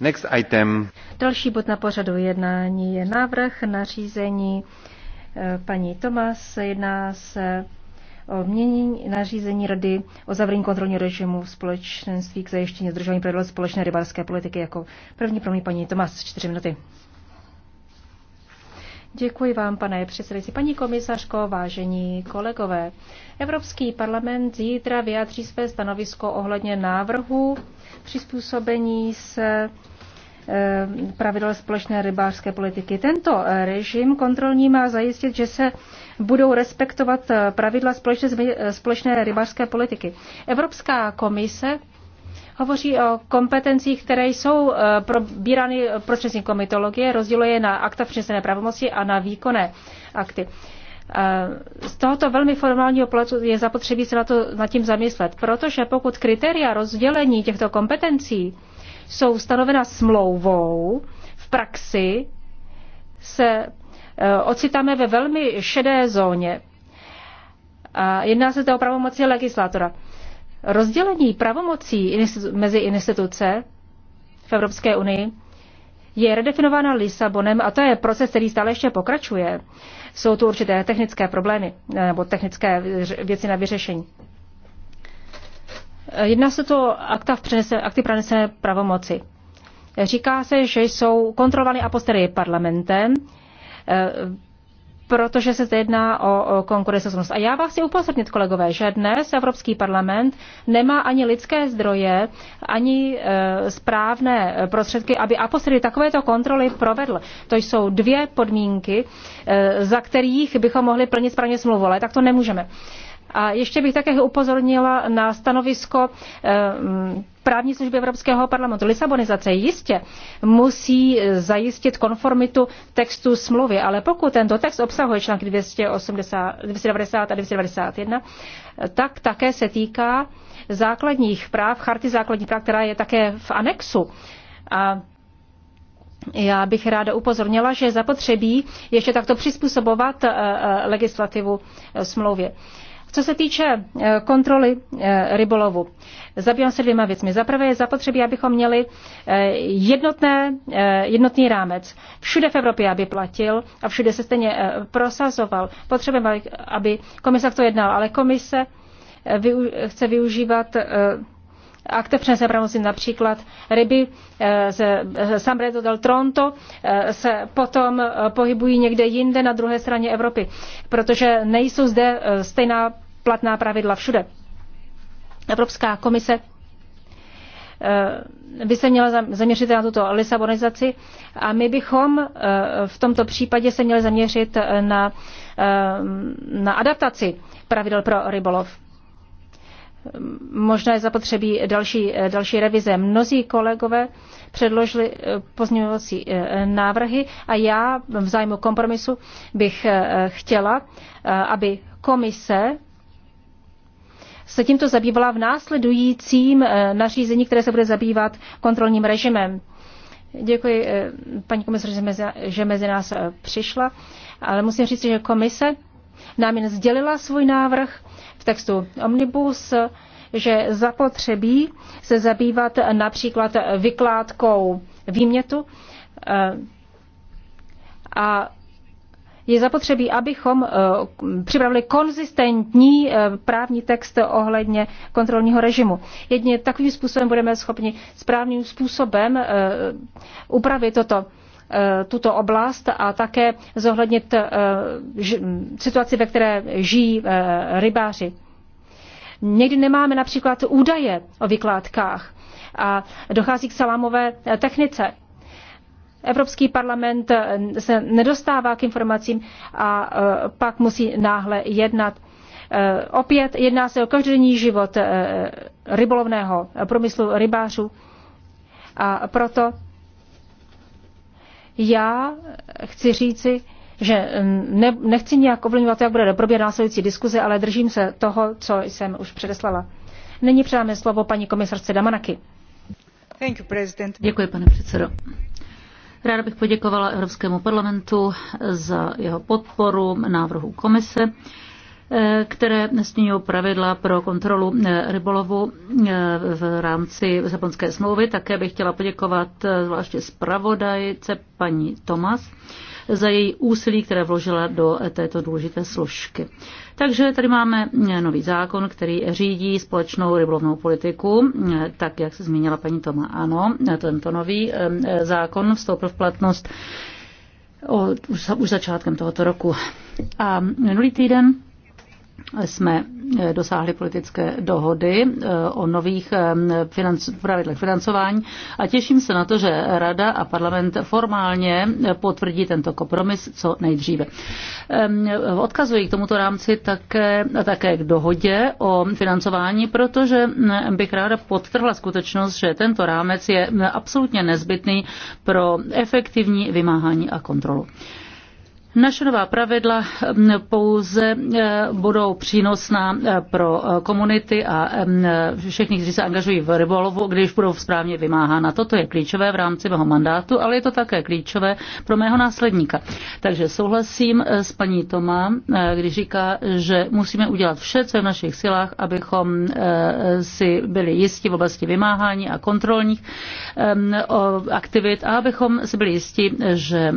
Next item. Další bod na pořadu jednání je návrh na řízení eh, paní Tomas. Jedná se o mění nařízení Rady o zavření kontrolního režimu v společenství k zajištění zdržování pravidel společné rybářské politiky. Jako první mě paní Tomas, čtyři minuty. Děkuji vám, pane předsedající. Paní komisařko, vážení kolegové, Evropský parlament zítra vyjádří své stanovisko ohledně návrhu přizpůsobení se Eh, pravidel společné rybářské politiky. Tento režim kontrolní má zajistit, že se budou respektovat eh, pravidla společné eh, společné rybářské politiky. Evropská komise hovoří o kompetencích, které jsou probírány prostřednictvím komitologie, rozděluje na akta přinesené pravomoci a na výkonné akty. Z tohoto velmi formálního pohledu je zapotřebí se na to, nad tím zamyslet, protože pokud kritéria rozdělení těchto kompetencí jsou stanovena smlouvou, v praxi se eh, ocitáme ve velmi šedé zóně. A jedná se to o pravomoci legislatora. Rozdělení pravomocí mezi instituce v Evropské unii je redefinována Lisabonem a to je proces, který stále ještě pokračuje. Jsou tu určité technické problémy eh, nebo technické věci na vyřešení. Jedná se to akta v přenese, akty pranesené pravomoci. Říká se, že jsou kontrolovány apostery parlamentem, eh, protože se zde jedná o konkurenceschopnost. A já vás chci upozornit, kolegové, že dnes Evropský parlament nemá ani lidské zdroje, ani eh, správné prostředky, aby apostery takovéto kontroly provedl. To jsou dvě podmínky, eh, za kterých bychom mohli plnit správně smlouvu, ale tak to nemůžeme. A ještě bych také upozornila na stanovisko eh, mm, právní služby Evropského parlamentu. Lisabonizace jistě musí eh, zajistit konformitu textu smlouvy, ale pokud tento text obsahuje články 280, 290 a 291, eh, tak také se týká základních práv, charty základních práv, která je také v anexu. A já bych ráda upozornila, že zapotřebí ještě takto přizpůsobovat legislativu smlouvě. Co se týče eh, kontroly eh, rybolovu, zabývám se dvěma věcmi. Za prvé je zapotřebí, abychom měli eh, jednotné, jednotný rámec. Všude v Evropě, aby platil a všude se stejně prosazoval. Potřebujeme, aby komisar to jednal, ale komise chce využívat akte přenese pravomoci například ryby eh, z eh, San Bredo del Tronto eh, se potom pohybují někde jinde na druhé straně Evropy, protože nejsou zde stejná platná pravidla všude. Evropská komise by se měla zaměřit na tuto lisabonizaci a my bychom v tomto případě se měli zaměřit na, na adaptaci pravidel pro rybolov možná je zapotřebí další, další revize. Mnozí kolegové předložili eh, pozměňovací eh, návrhy a já v zájmu kompromisu bych eh, chtěla, aby komise se tímto zabývala v následujícím nařízení, které se bude zabývat kontrolním režimem. Děkuji paní komisaři, že mezi nás přišla, ale musím říct, že komise nám jen sdělila svůj návrh v textu Omnibus, že zapotřebí se zabývat například vykládkou výmětu eh, a je zapotřebí, abychom eh, připravili konzistentní eh, právní text ohledně kontrolního režimu. Jedně takovým způsobem budeme schopni správným způsobem upravit toto Eh, tuto oblast a také zohlednit eh, situaci, ve které žijí eh, rybáři. Někdy nemáme například údaje o vykládkách a dochází k salámové technice. Evropský parlament se nedostává k informacím a pak musí náhle jednat. Opět jedná se o každodenní život rybolovného průmyslu rybářů a proto já chci říci, že mm, ne, nechci nějak ovlivňovat, jak bude probíhat následující diskuze, ale držím se toho, co jsem už předeslala. Nyní předáme slovo paní komisarce Damanaky. Thank you, president. Děkuji, pane předsedo. Ráda bych poděkovala Evropskému parlamentu za jeho podporu návrhu komise které směňují pravidla pro kontrolu eh, rybolovu eh, v rámci Japonské smlouvy. Také bych chtěla poděkovat eh, zvláště zpravodajce paní Tomas za její úsilí, které vložila do této důležité složky. Takže tady máme nový zákon, který řídí společnou rybolovnou politiku, tak jak se zmínila paní Toma. Ano, tento nový zákon vstoupil v platnost od, už, už začátkem tohoto roku. A minulý týden jsme eh, dosáhli politické dohody eh, o nových eh, financ- pravidlech financování a těším se na to, že Rada a parlament formálně potvrdí tento kompromis co nejdříve. Odkazuji k tomuto rámci také, také k dohodě o financování, protože mm, bych ráda podtrhla skutečnost, že tento rámec je mm, absolutně nezbytný pro efektivní vymáhání a kontrolu. Naše nová pravidla mm, pouze eh, budou přínosná eh, pro eh, komunity a mm, všechny, kteří se angažují v rybolovu, když budou správně vymáhána. Toto je klíčové v rámci mého mandátu, ale je to také klíčové pro mého následníka. Takže souhlasím s paní Tomá, když říká, že musíme udělat vše, co je v našich silách, abychom si byli jistí v oblasti vymáhání a kontrolních aktivit a abychom si byli jistí, že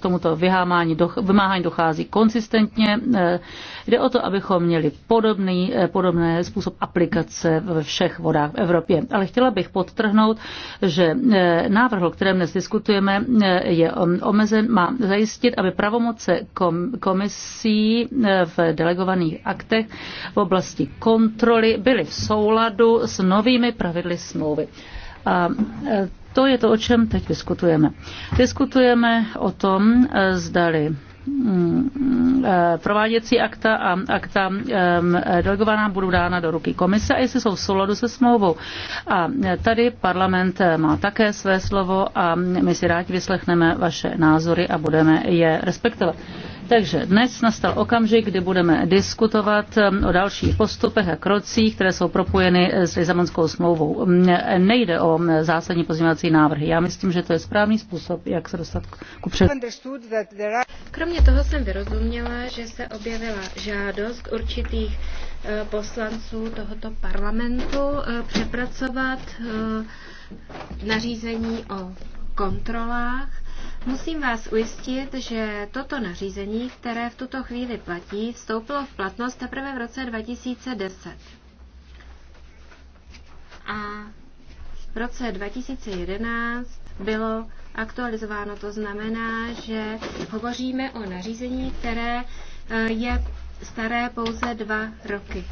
tomuto vymáhání doch, vymáhání dochází konsistentně. Eh, jde o to, abychom měli podobný, eh, podobný způsob aplikace ve všech vodách v Evropě. Ale chtěla bych podtrhnout, že eh, návrh, o kterém dnes diskutujeme, je omezen, má zajistit, aby pravomoce komisí v delegovaných aktech v oblasti kontroly byly v souladu s novými pravidly smlouvy. A to je to, o čem teď diskutujeme. Diskutujeme o tom, eh, zdali mm, eh, prováděcí akta a akta delegovaná budou dána do ruky komise a jestli jsou v souladu se smlouvou. A eh, tady parlament má také své slovo a my si rádi vyslechneme vaše názory a budeme je respektovat. Takže dnes nastal okamžik, kdy budeme diskutovat um, o dalších postupech a krocích, které jsou propojeny eh, s Lizabonskou smlouvou. Um, nejde o um, zásadní pozměňovací návrhy. Já myslím, že to je správný způsob, jak se dostat ku před. Kromě toho jsem vyrozuměla, že se objevila žádost určitých eh, poslanců tohoto parlamentu eh, přepracovat nařízení o kontrolách Musím vás ujistit, že toto nařízení, které v tuto chvíli platí, vstoupilo v platnost teprve v roce 2010. A v roce 2011 bylo aktualizováno. To znamená, že hovoříme o nařízení, které eh, je staré pouze dva roky.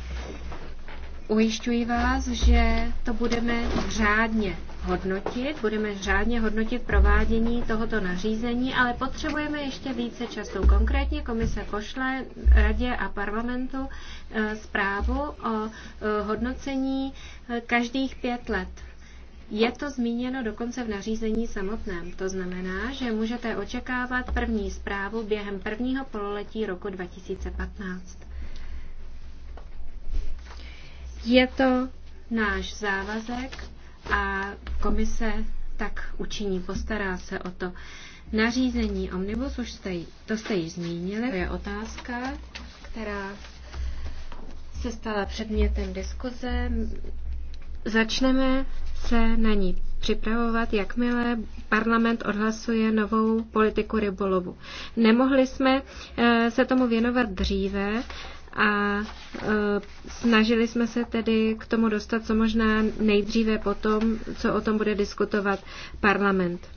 Ujišťuji vás, že to budeme řádně hodnotit, budeme řádně hodnotit provádění tohoto nařízení, ale potřebujeme ještě více času. Konkrétně komise pošle radě a parlamentu eh, zprávu o eh, hodnocení eh, každých pět let. Je to zmíněno dokonce v nařízení samotném. To znamená, že můžete očekávat první zprávu během prvního pololetí roku 2015. Je to náš závazek a komise tak učiní, postará se o to. Nařízení Omnibus, už jste, to jste již zmínili, to je otázka, která se stala předmětem diskuze. Začneme se na ní připravovat, jakmile parlament odhlasuje novou politiku rybolovu. Nemohli jsme eh, se tomu věnovat dříve, a e, snažili jsme se tedy k tomu dostat co možná nejdříve potom, co o tom bude diskutovat parlament.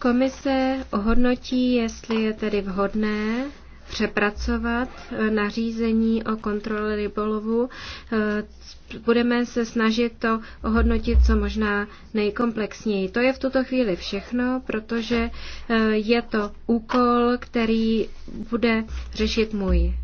Komise ohodnotí, jestli je tedy vhodné přepracovat eh, nařízení o kontrole rybolovu. Eh, budeme se snažit to ohodnotit co možná nejkomplexněji. To je v tuto chvíli všechno, protože eh, je to úkol, který bude řešit můj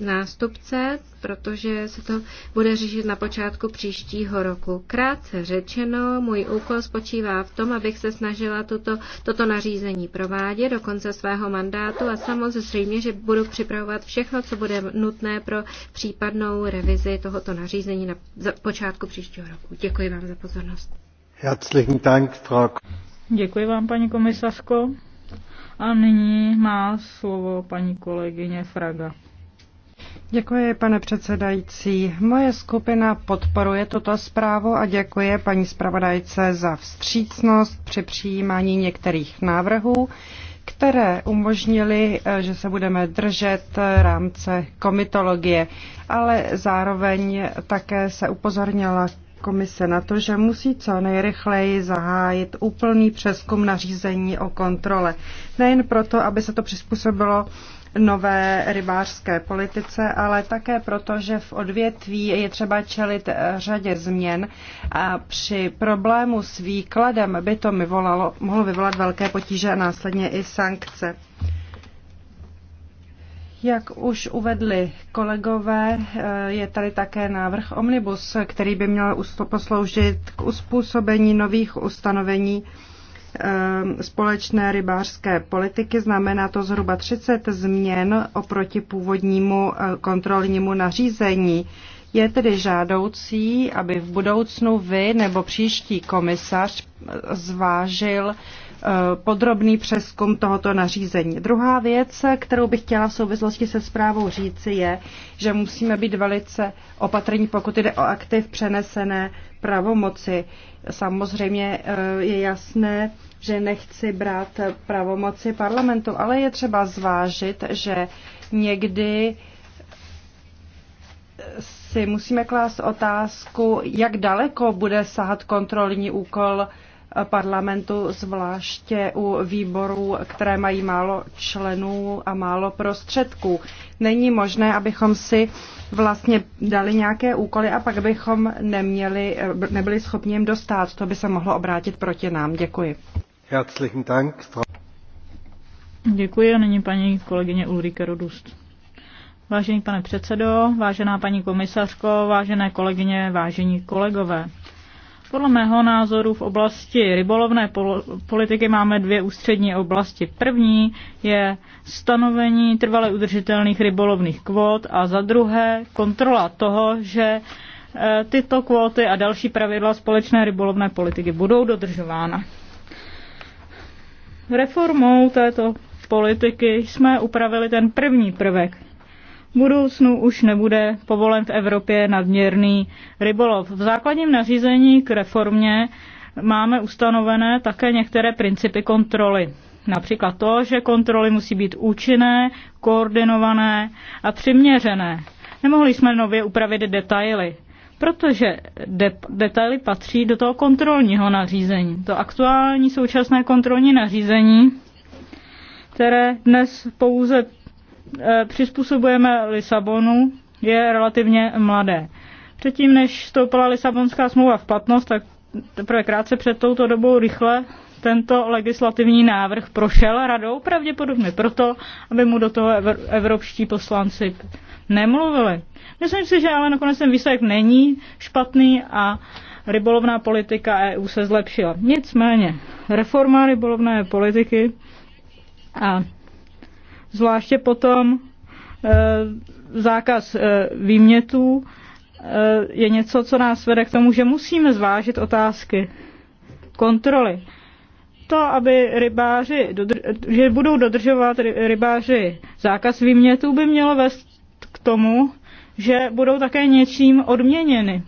nástupce, protože se to bude řešit na počátku příštího roku. Krátce řečeno, můj úkol spočívá v tom, abych se snažila tuto, toto nařízení provádět do konce svého mandátu a samozřejmě, že budu připravovat všechno, co bude nutné pro případnou revizi tohoto nařízení na počátku příštího roku. Děkuji vám za pozornost. Herzlichen Dank, Frau. Děkuji vám, paní komisařko. A nyní má slovo paní kolegyně Fraga. Děkuji, pane předsedající. Moje skupina podporuje tuto zprávu a děkuje paní zpravodajce za vstřícnost při přijímání některých návrhů, které umožnily, eh, že se budeme držet eh, rámce komitologie, ale zároveň také se upozornila komise na to, že musí co nejrychleji zahájit úplný přeskum nařízení o kontrole. Nejen proto, aby se to přizpůsobilo nové rybářské politice, ale také proto, že v odvětví je třeba čelit eh, řadě změn a při problému s výkladem by to vyvolalo, mohlo vyvolat velké potíže a následně i sankce. Jak už uvedli kolegové, eh, je tady také návrh Omnibus, který by měl posloužit k uspůsobení nových ustanovení Ehm, společné rybářské politiky. Znamená to zhruba 30 změn oproti původnímu eh, kontrolnímu nařízení. Je tedy žádoucí, aby v budoucnu vy nebo příští komisař eh, zvážil Eh, podrobný přeskum tohoto nařízení. Druhá věc, kterou bych chtěla v souvislosti se zprávou říci, je, že musíme být velice opatrní, pokud jde o aktiv přenesené pravomoci. Samozřejmě eh, je jasné, že nechci brát pravomoci parlamentu, ale je třeba zvážit, že někdy si musíme klást otázku, jak daleko bude sahat kontrolní úkol parlamentu, zvláště u výborů, které mají málo členů a málo prostředků. Není možné, abychom si vlastně dali nějaké úkoly a pak bychom neměli, nebyli schopni jim dostat. To by se mohlo obrátit proti nám. Děkuji. Herzlichen Dank. Děkuji a nyní paní kolegyně Ulrike Rodust. Vážený pane předsedo, vážená paní komisařko, vážené kolegyně, vážení kolegové. Podle mého názoru v oblasti rybolovné politiky máme dvě ústřední oblasti. První je stanovení trvale udržitelných rybolovných kvót a za druhé kontrola toho, že eh, tyto kvóty a další pravidla společné rybolovné politiky budou dodržována. Reformou této politiky jsme upravili ten první prvek, v budoucnu už nebude povolen v Evropě nadměrný rybolov. V základním nařízení k reformě máme ustanovené také některé principy kontroly. Například to, že kontroly musí být účinné, koordinované a přiměřené. Nemohli jsme nově upravit detaily, protože de- detaily patří do toho kontrolního nařízení. To aktuální současné kontrolní nařízení, které dnes pouze E, přizpůsobujeme Lisabonu, je relativně mladé. Předtím, než vstoupila Lisabonská smlouva v platnost, tak teprve krátce před touto dobou rychle tento legislativní návrh prošel radou, pravděpodobně proto, aby mu do toho evropští poslanci nemluvili. Myslím si, že ale nakonec ten výsledek není špatný a rybolovná politika EU se zlepšila. Nicméně, reforma rybolovné politiky a Zvláště potom eh, zákaz eh, výmětů eh, je něco, co nás vede k tomu, že musíme zvážit otázky kontroly. To, aby rybáři, že budou dodržovat rybáři zákaz výmětů, by mělo vést k tomu, že budou také něčím odměněny.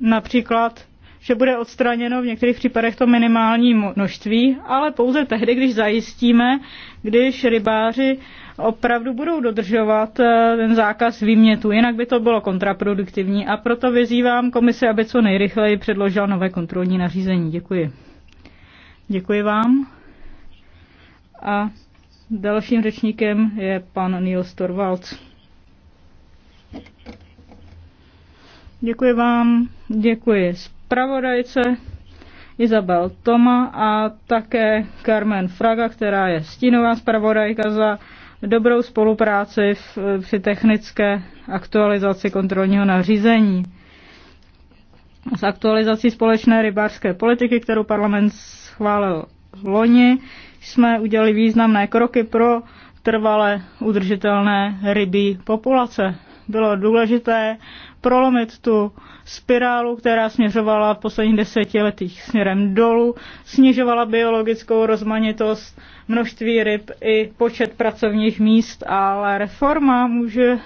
Například že bude odstraněno v některých případech to minimální množství, ale pouze tehdy, když zajistíme, když rybáři opravdu budou dodržovat eh, ten zákaz výmětu, jinak by to bylo kontraproduktivní a proto vyzývám komisi, aby co nejrychleji předložila nové kontrolní nařízení. Děkuji. Děkuji vám. A dalším řečníkem je pan Neil Storvalds. Děkuji vám, děkuji zpravodajce Izabel Toma a také Carmen Fraga, která je stínová zpravodajka za dobrou spolupráci v, při technické aktualizaci kontrolního nařízení. S aktualizací společné rybářské politiky, kterou parlament schválil v loni, jsme udělali významné kroky pro trvale udržitelné rybí populace bylo důležité prolomit tu spirálu, která směřovala v posledních desetiletích směrem dolů, snižovala biologickou rozmanitost, množství ryb i počet pracovních míst, ale reforma může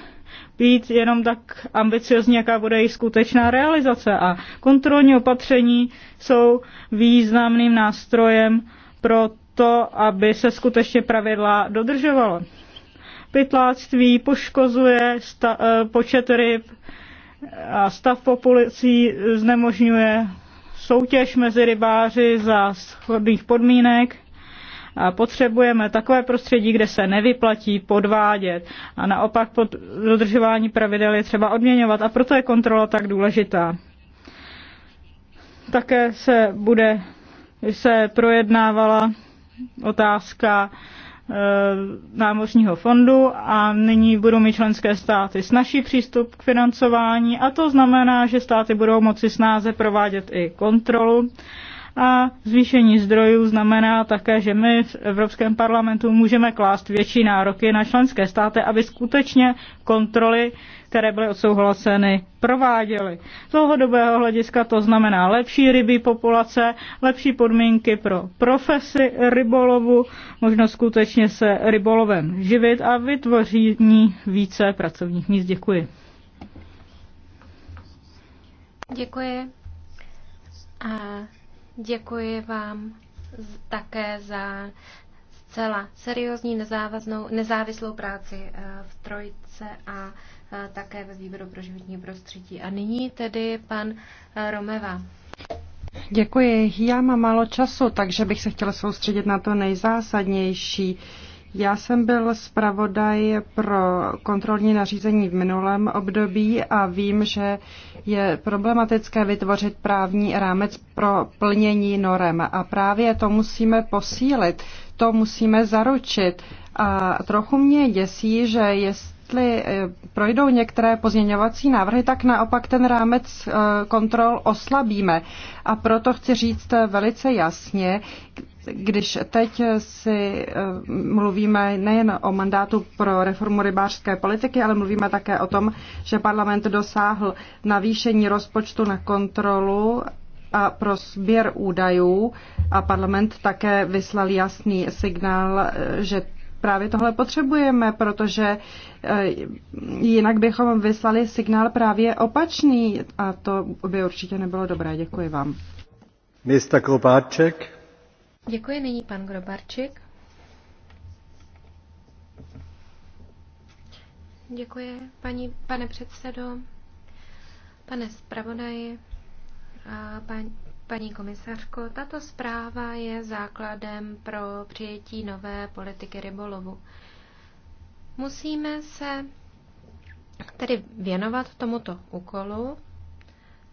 být jenom tak ambiciozní, jaká bude její skutečná realizace. A kontrolní opatření jsou významným nástrojem pro to, aby se skutečně pravidla dodržovala pytláctví poškozuje sta, eh, počet ryb a stav populací znemožňuje soutěž mezi rybáři za shodných podmínek a potřebujeme takové prostředí, kde se nevyplatí podvádět a naopak pod dodržování pravidel je třeba odměňovat a proto je kontrola tak důležitá. Také se bude se projednávala otázka Eh, námořního fondu a nyní budou mít členské státy snažší přístup k financování a to znamená, že státy budou moci snáze provádět i kontrolu a zvýšení zdrojů znamená také, že my v Evropském parlamentu můžeme klást větší nároky na členské státy, aby skutečně kontroly které byly odsouhlaseny, prováděly. Z dlouhodobého hlediska to znamená lepší rybí populace, lepší podmínky pro profesi rybolovu, možnost skutečně se rybolovem živit a vytvoření více pracovních míst. Děkuji. Děkuji. A děkuji vám také za zcela seriózní nezávaznou, nezávislou práci eh, v Trojce a také ve výboru pro životní prostředí. A nyní tedy pan eh, Romeva. Děkuji. Já mám málo času, takže bych se chtěla soustředit na to nejzásadnější. Já jsem byl zpravodaj pro kontrolní nařízení v minulém období a vím, že je problematické vytvořit právní rámec pro plnění norem. A právě to musíme posílit, to musíme zaručit. A trochu mě děsí, že jest jestli eh, projdou některé pozměňovací návrhy, tak naopak ten rámec eh, kontrol oslabíme. A proto chci říct eh, velice jasně, když teď si mluvíme nejen o mandátu pro reformu rybářské politiky, ale mluvíme také o tom, že parlament dosáhl navýšení rozpočtu na kontrolu a pro sběr údajů a parlament také vyslal jasný signál, že právě tohle potřebujeme, protože eh, jinak bychom vyslali signál právě opačný a to by určitě nebylo dobré. Děkuji vám. Města Kropáček. Děkuji nyní pan Grobarček. Děkuji, paní, pane předsedo, pane zpravodaji, pan, Paní komisařko, tato zpráva je základem pro přijetí nové politiky rybolovu. Musíme se tedy věnovat tomuto úkolu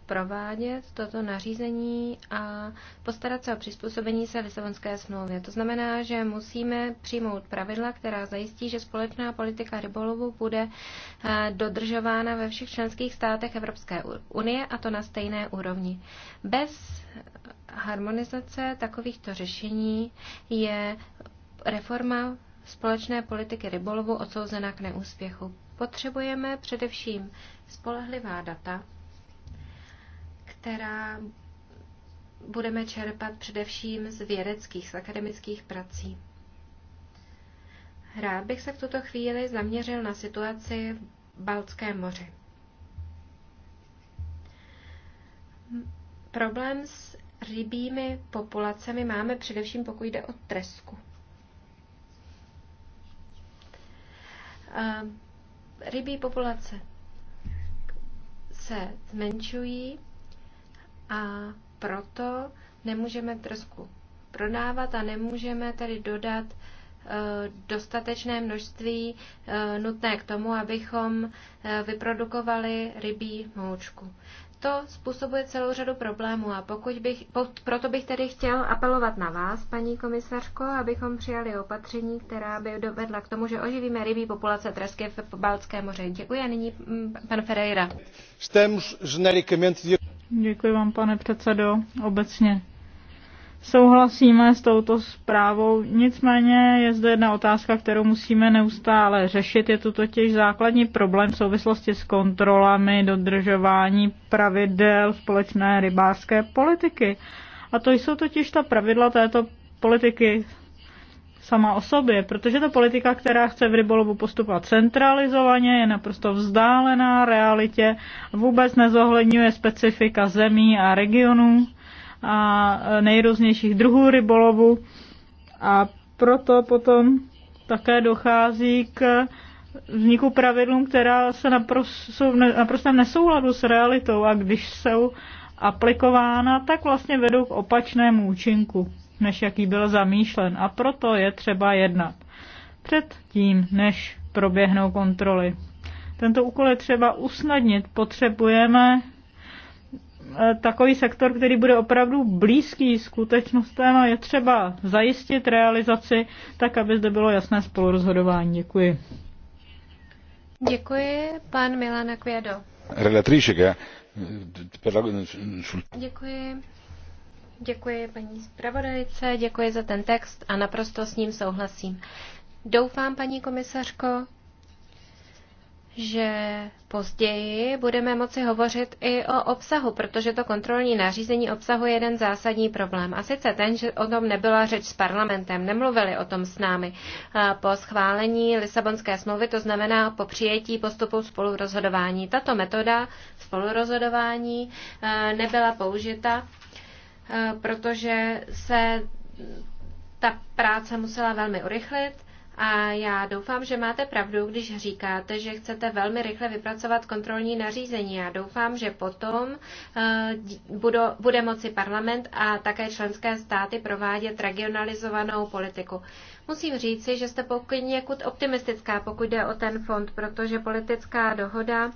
provádět toto nařízení a postarat se o přizpůsobení se Lisabonské smlouvě. To znamená, že musíme přijmout pravidla, která zajistí, že společná politika rybolovu bude eh, dodržována ve všech členských státech Evropské unie a to na stejné úrovni. Bez harmonizace takovýchto řešení je reforma společné politiky rybolovu odsouzena k neúspěchu. Potřebujeme především spolehlivá data, která budeme čerpat především z vědeckých, z akademických prací. Rád bych se v tuto chvíli zaměřil na situaci v Baltském moři. Problém s rybími populacemi máme především, pokud jde o tresku. Rybí populace se zmenšují, a proto nemůžeme trsku prodávat a nemůžeme tedy dodat eh, dostatečné množství eh, nutné k tomu, abychom eh, vyprodukovali rybí moučku. To způsobuje celou řadu problémů a pokud bych, proto bych tedy chtěl apelovat na vás, paní komisařko, abychom přijali opatření, která by dovedla k tomu, že oživíme rybí populace tresky v Balckém moře. Děkuji a nyní mm, pan Ferreira. Estamos genericamente Děkuji vám, pane předsedo. Obecně souhlasíme s touto zprávou, nicméně je zde jedna otázka, kterou musíme neustále řešit. Je to totiž základní problém v souvislosti s kontrolami dodržování pravidel společné rybářské politiky. A to jsou totiž ta pravidla této politiky sama o sobě, protože ta politika, která chce v rybolovu postupovat centralizovaně, je naprosto vzdálená realitě, vůbec nezohledňuje specifika zemí a regionů a nejrůznějších druhů rybolovu a proto potom také dochází k vzniku pravidlům, která se naprosto, jsou v nesouladu s realitou a když jsou aplikována, tak vlastně vedou k opačnému účinku než jaký byl zamýšlen a proto je třeba jednat. Před tím, než proběhnou kontroly. Tento úkol je třeba usnadnit. Potřebujeme eh, takový sektor, který bude opravdu blízký skutečnostem a je třeba zajistit realizaci tak, aby zde bylo jasné spolurozhodování. Děkuji. Děkuji, pan Milana Kvědo. Relatrice, eh, Děkuji. Děkuji paní zpravodajce, děkuji za ten text a naprosto s ním souhlasím. Doufám, paní komisařko, že později budeme moci hovořit i o obsahu, protože to kontrolní nařízení obsahuje jeden zásadní problém. A sice ten, že o tom nebyla řeč s parlamentem, nemluvili o tom s námi. Po schválení Lisabonské smlouvy, to znamená po přijetí postupu spolurozhodování. Tato metoda spolurozhodování e, nebyla použita Eh, protože se ta práce musela velmi urychlit a já doufám, že máte pravdu, když říkáte, že chcete velmi rychle vypracovat kontrolní nařízení. Já doufám, že potom eh, bude moci parlament a také členské státy provádět regionalizovanou politiku. Musím říci, že jste pokud někud optimistická, pokud jde o ten fond, protože politická dohoda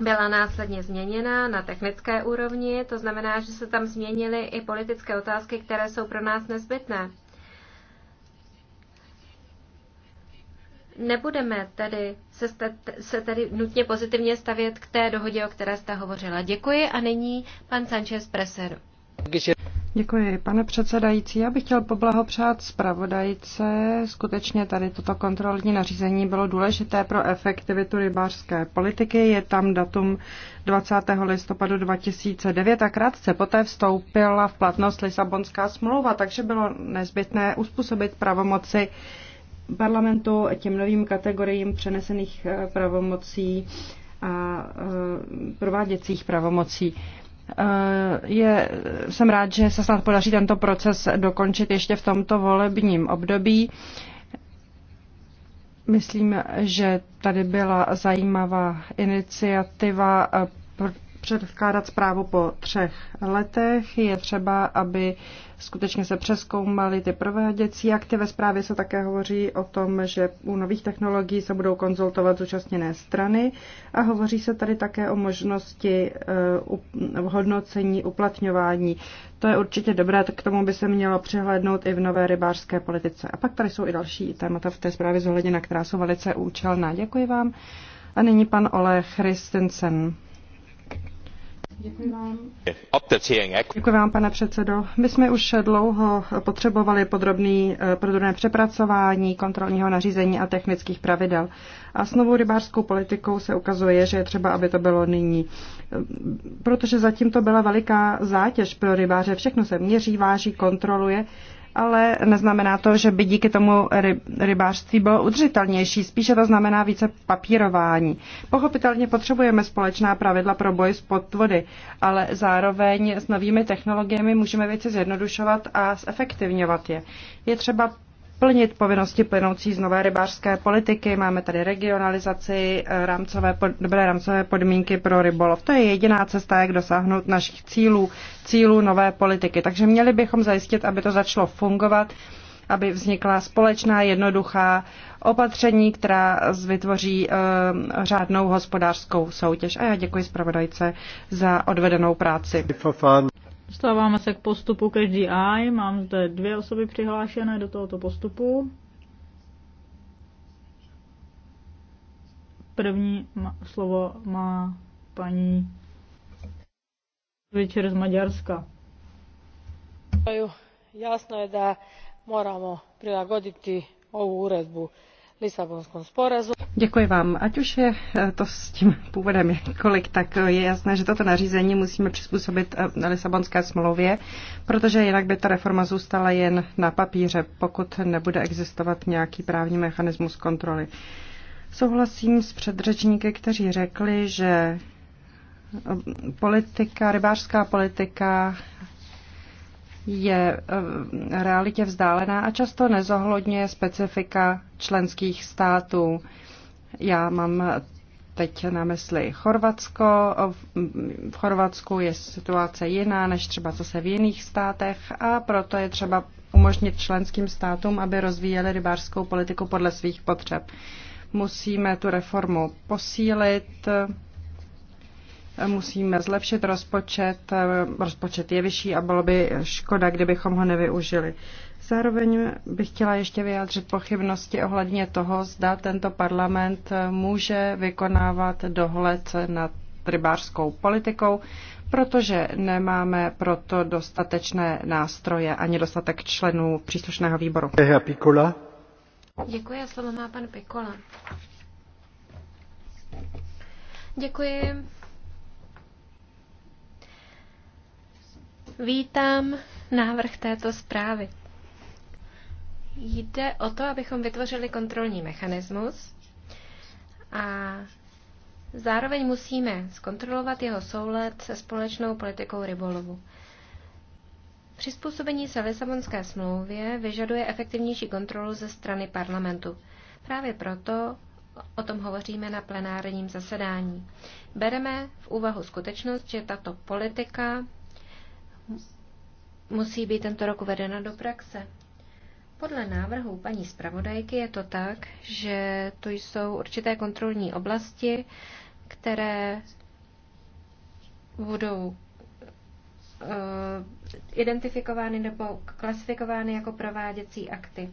byla následně změněna na technické úrovni, to znamená, že se tam změnily i politické otázky, které jsou pro nás nezbytné. Nebudeme tedy se, se tedy nutně pozitivně stavět k té dohodě, o které jste hovořila. Děkuji a nyní pan Sanchez Presero. Děkuji, pane předsedající. Já bych chtěl poblahopřát zpravodajce. Skutečně tady toto kontrolní nařízení bylo důležité pro efektivitu rybářské politiky. Je tam datum 20. listopadu 2009 a krátce poté vstoupila v platnost Lisabonská smlouva, takže bylo nezbytné uspůsobit pravomoci parlamentu těm novým kategoriím přenesených pravomocí a e, prováděcích pravomocí. Eh, je, jsem rád, že se snad podaří tento proces dokončit ještě v tomto volebním období. Myslím, že tady byla zajímavá iniciativa eh, předkládat zprávu po třech letech. Je třeba, aby skutečně se přeskoumaly ty prováděcí akty. Ve zprávě se také hovoří o tom, že u nových technologií se budou konzultovat zúčastněné strany a hovoří se tady také o možnosti eh, hodnocení uplatňování. To je určitě dobré, tak k tomu by se mělo přihlédnout i v nové rybářské politice. A pak tady jsou i další témata v té zprávě zohledněna, která jsou velice účelná. Děkuji vám. A nyní pan Ole Christensen. Děkuji vám. Děkuji vám, pane předsedo. My jsme už dlouho potřebovali podrobný, eh, podrobné přepracování kontrolního nařízení a technických pravidel. A s novou rybářskou politikou se ukazuje, že je třeba, aby to bylo nyní. Eh, protože zatím to byla veliká zátěž pro rybáře. Všechno se měří, váží, kontroluje ale neznamená to, že by díky tomu rybářství bylo udržitelnější. Spíše to znamená více papírování. Pochopitelně potřebujeme společná pravidla pro boj s podvody, ale zároveň s novými technologiemi můžeme věci zjednodušovat a zefektivňovat je. Je třeba plnit povinnosti plynoucí z nové rybářské politiky. Máme tady regionalizaci, eh, rámcové, dobré rámcové podmínky pro rybolov. To je jediná cesta, jak dosáhnout našich cílů, cílů nové politiky. Takže měli bychom zajistit, aby to začalo fungovat aby vznikla společná, jednoduchá opatření, která vytvoří e, řádnou hospodářskou soutěž. A já děkuji zpravodajce za odvedenou práci. Dostáváme se k postupu každý aj. Mám zde dvě osoby přihlášené do tohoto postupu. První slovo má paní Večer z Maďarska. Jasno je da moramo prilagoditi ovu uredbu Lisabonskom sporazumu. Děkuji vám. Ať už je eh, to s tím původem kolik, tak eh, je jasné, že toto nařízení musíme přizpůsobit na eh, Lisabonské smlouvě, protože jinak by ta reforma zůstala jen na papíře, pokud nebude existovat nějaký právní mechanismus kontroly. Souhlasím s předřečníky, kteří řekli, že politika, rybářská politika je eh, realitě vzdálená a často nezohledňuje specifika členských států. Já mám teď na mysli Chorvatsko. V Chorvatsku je situace jiná než třeba zase v jiných státech a proto je třeba umožnit členským státům, aby rozvíjeli rybářskou politiku podle svých potřeb. Musíme tu reformu posílit, musíme zlepšit rozpočet. Rozpočet je vyšší a bylo by škoda, kdybychom ho nevyužili. Zároveň bych chtěla ještě vyjádřit pochybnosti ohledně toho, zda tento parlament může vykonávat dohled nad rybářskou politikou, protože nemáme proto dostatečné nástroje ani dostatek členů příslušného výboru. Děkuji slovo má pan Pikola. Děkuji. Vítám návrh této zprávy. Jde o to, abychom vytvořili kontrolní mechanismus a zároveň musíme zkontrolovat jeho soulad se společnou politikou rybolovu. Přizpůsobení se Lisabonské smlouvě vyžaduje efektivnější kontrolu ze strany parlamentu. Právě proto o tom hovoříme na plenárním zasedání. Bereme v úvahu skutečnost, že tato politika musí být tento rok uvedena do praxe. Podle návrhu paní zpravodajky je to tak, že tu jsou určité kontrolní oblasti, které budou eh, identifikovány nebo klasifikovány jako prováděcí akty.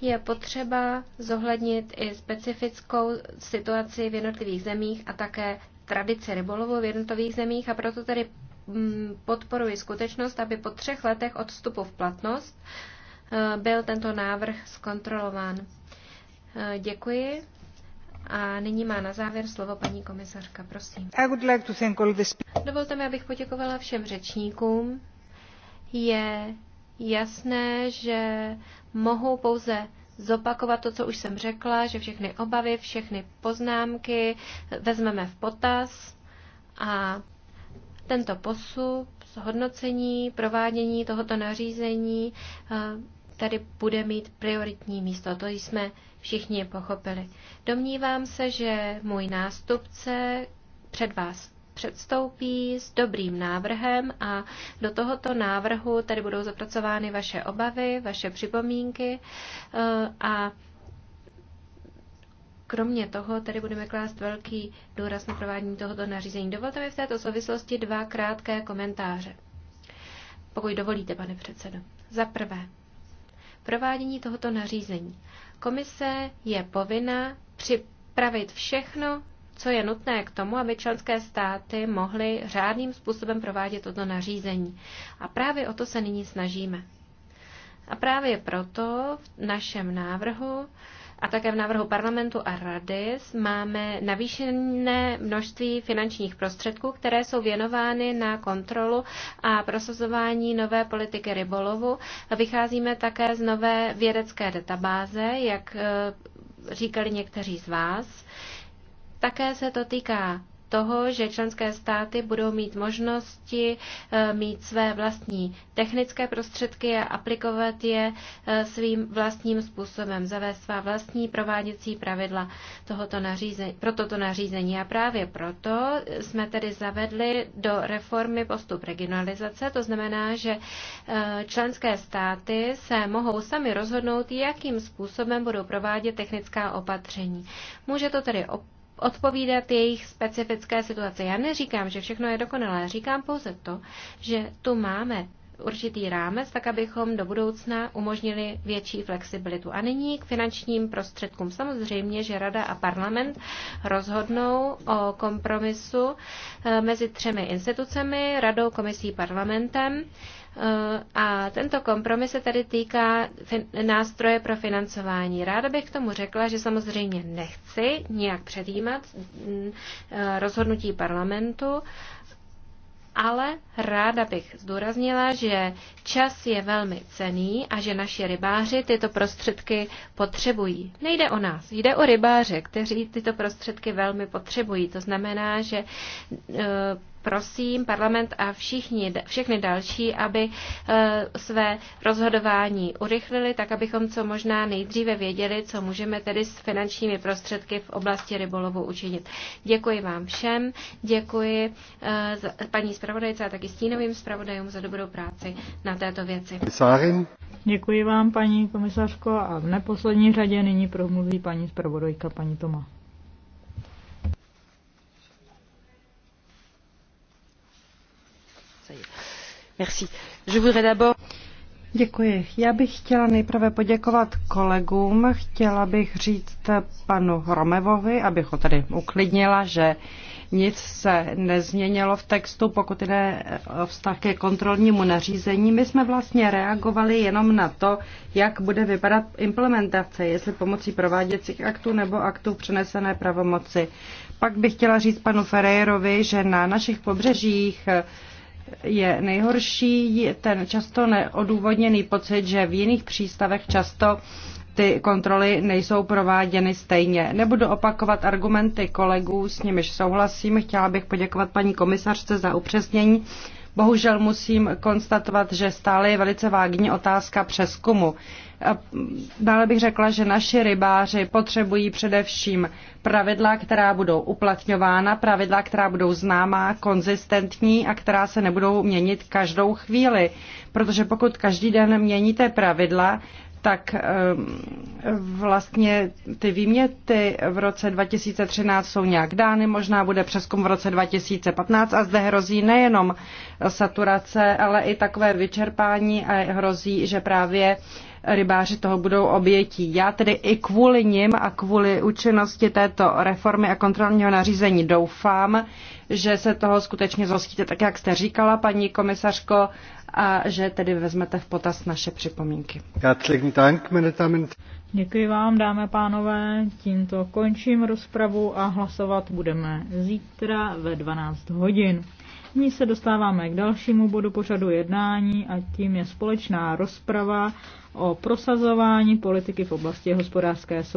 Je potřeba zohlednit i specifickou situaci v jednotlivých zemích a také tradice rybolovu v jednotlivých zemích a proto tedy Mm, podporuji skutečnost, aby po třech letech od vstupu v platnost eh, byl tento návrh zkontrolován. Eh, děkuji. A nyní má na závěr slovo paní komisařka, prosím. Dovolte mi, abych poděkovala všem řečníkům. Je jasné, že mohu pouze zopakovat to, co už jsem řekla, že všechny obavy, všechny poznámky vezmeme v potaz a tento posup, hodnocení, provádění tohoto nařízení eh, tady bude mít prioritní místo. To jsme všichni pochopili. Domnívám se, že můj nástupce před vás předstoupí s dobrým návrhem a do tohoto návrhu tady budou zapracovány vaše obavy, vaše připomínky eh, a Kromě toho tady budeme klást velký důraz na provádění tohoto nařízení. Dovolte mi v této souvislosti dva krátké komentáře. Pokud dovolíte, pane předsedo. Za prvé, provádění tohoto nařízení. Komise je povinna připravit všechno, co je nutné k tomu, aby členské státy mohly řádným způsobem provádět toto nařízení. A právě o to se nyní snažíme. A právě proto v našem návrhu a také v návrhu parlamentu a rady máme navýšené množství finančních prostředků, které jsou věnovány na kontrolu a prosazování nové politiky rybolovu. Vycházíme také z nové vědecké databáze, jak eh, říkali někteří z vás. Také se to týká toho, že členské státy budou mít možnosti eh, mít své vlastní technické prostředky a aplikovat je eh, svým vlastním způsobem, zavést svá vlastní prováděcí pravidla tohoto nařízení, pro toto nařízení. A právě proto jsme tedy zavedli do reformy postup regionalizace. To znamená, že eh, členské státy se mohou sami rozhodnout, jakým způsobem budou provádět technická opatření. Může to tedy op- odpovídat jejich specifické situace. Já neříkám, že všechno je dokonalé, říkám pouze to, že tu máme určitý rámec, tak abychom do budoucna umožnili větší flexibilitu. A nyní k finančním prostředkům. Samozřejmě, že Rada a parlament rozhodnou o kompromisu eh, mezi třemi institucemi, Radou, Komisí, parlamentem. Eh, a tento kompromis se tady týká nástroje pro financování. Ráda bych k tomu řekla, že samozřejmě nechci nijak předjímat mm, eh, rozhodnutí parlamentu, ale ráda bych zdůraznila, že čas je velmi cený a že naši rybáři tyto prostředky potřebují. Nejde o nás, jde o rybáře, kteří tyto prostředky velmi potřebují. To znamená, že eh, prosím parlament a všichni, všechny další, aby eh, své rozhodování urychlili, tak abychom co možná nejdříve věděli, co můžeme tedy s finančními prostředky v oblasti rybolovu učinit. Děkuji vám všem, děkuji eh, paní zpravodajce a taky stínovým zpravodajům za dobrou práci na této věci. Děkuji vám, paní komisařko, a v neposlední řadě nyní promluví paní zpravodajka, paní Toma. Děkuji. Já bych chtěla nejprve poděkovat kolegům. Chtěla bych říct panu Romevovi, abych ho tady uklidnila, že nic se nezměnilo v textu, pokud jde vztah ke kontrolnímu nařízení. My jsme vlastně reagovali jenom na to, jak bude vypadat implementace, jestli pomocí prováděcích aktů nebo aktů přenesené pravomoci. Pak bych chtěla říct panu Ferreirovi, že na našich pobřežích je nejhorší ten často neodůvodněný pocit, že v jiných přístavech často ty kontroly nejsou prováděny stejně. Nebudu opakovat argumenty kolegů, s nimiž souhlasím. Chtěla bych poděkovat paní komisařce za upřesnění. Bohužel musím konstatovat, že stále je velice vágní otázka přeskumu. Dále bych řekla, že naši rybáři potřebují především pravidla, která budou uplatňována, pravidla, která budou známá, konzistentní a která se nebudou měnit každou chvíli. Protože pokud každý den měníte pravidla, tak ehm, vlastně ty výměty v roce 2013 jsou nějak dány, možná bude přeskum v roce 2015 a zde hrozí nejenom saturace, ale i takové vyčerpání a hrozí, že právě rybáři toho budou obětí. Já tedy i kvůli nim a kvůli účinnosti této reformy a kontrolního nařízení doufám, že se toho skutečně zhostíte, tak jak jste říkala, paní komisařko, a že tedy vezmete v potaz naše připomínky. Děkuji vám, dámy a pánové. Tímto končím rozpravu a hlasovat budeme zítra ve 12 hodin. Nyní se dostáváme k dalšímu bodu pořadu jednání a tím je společná rozprava o prosazování politiky v oblasti hospodářské soutěže.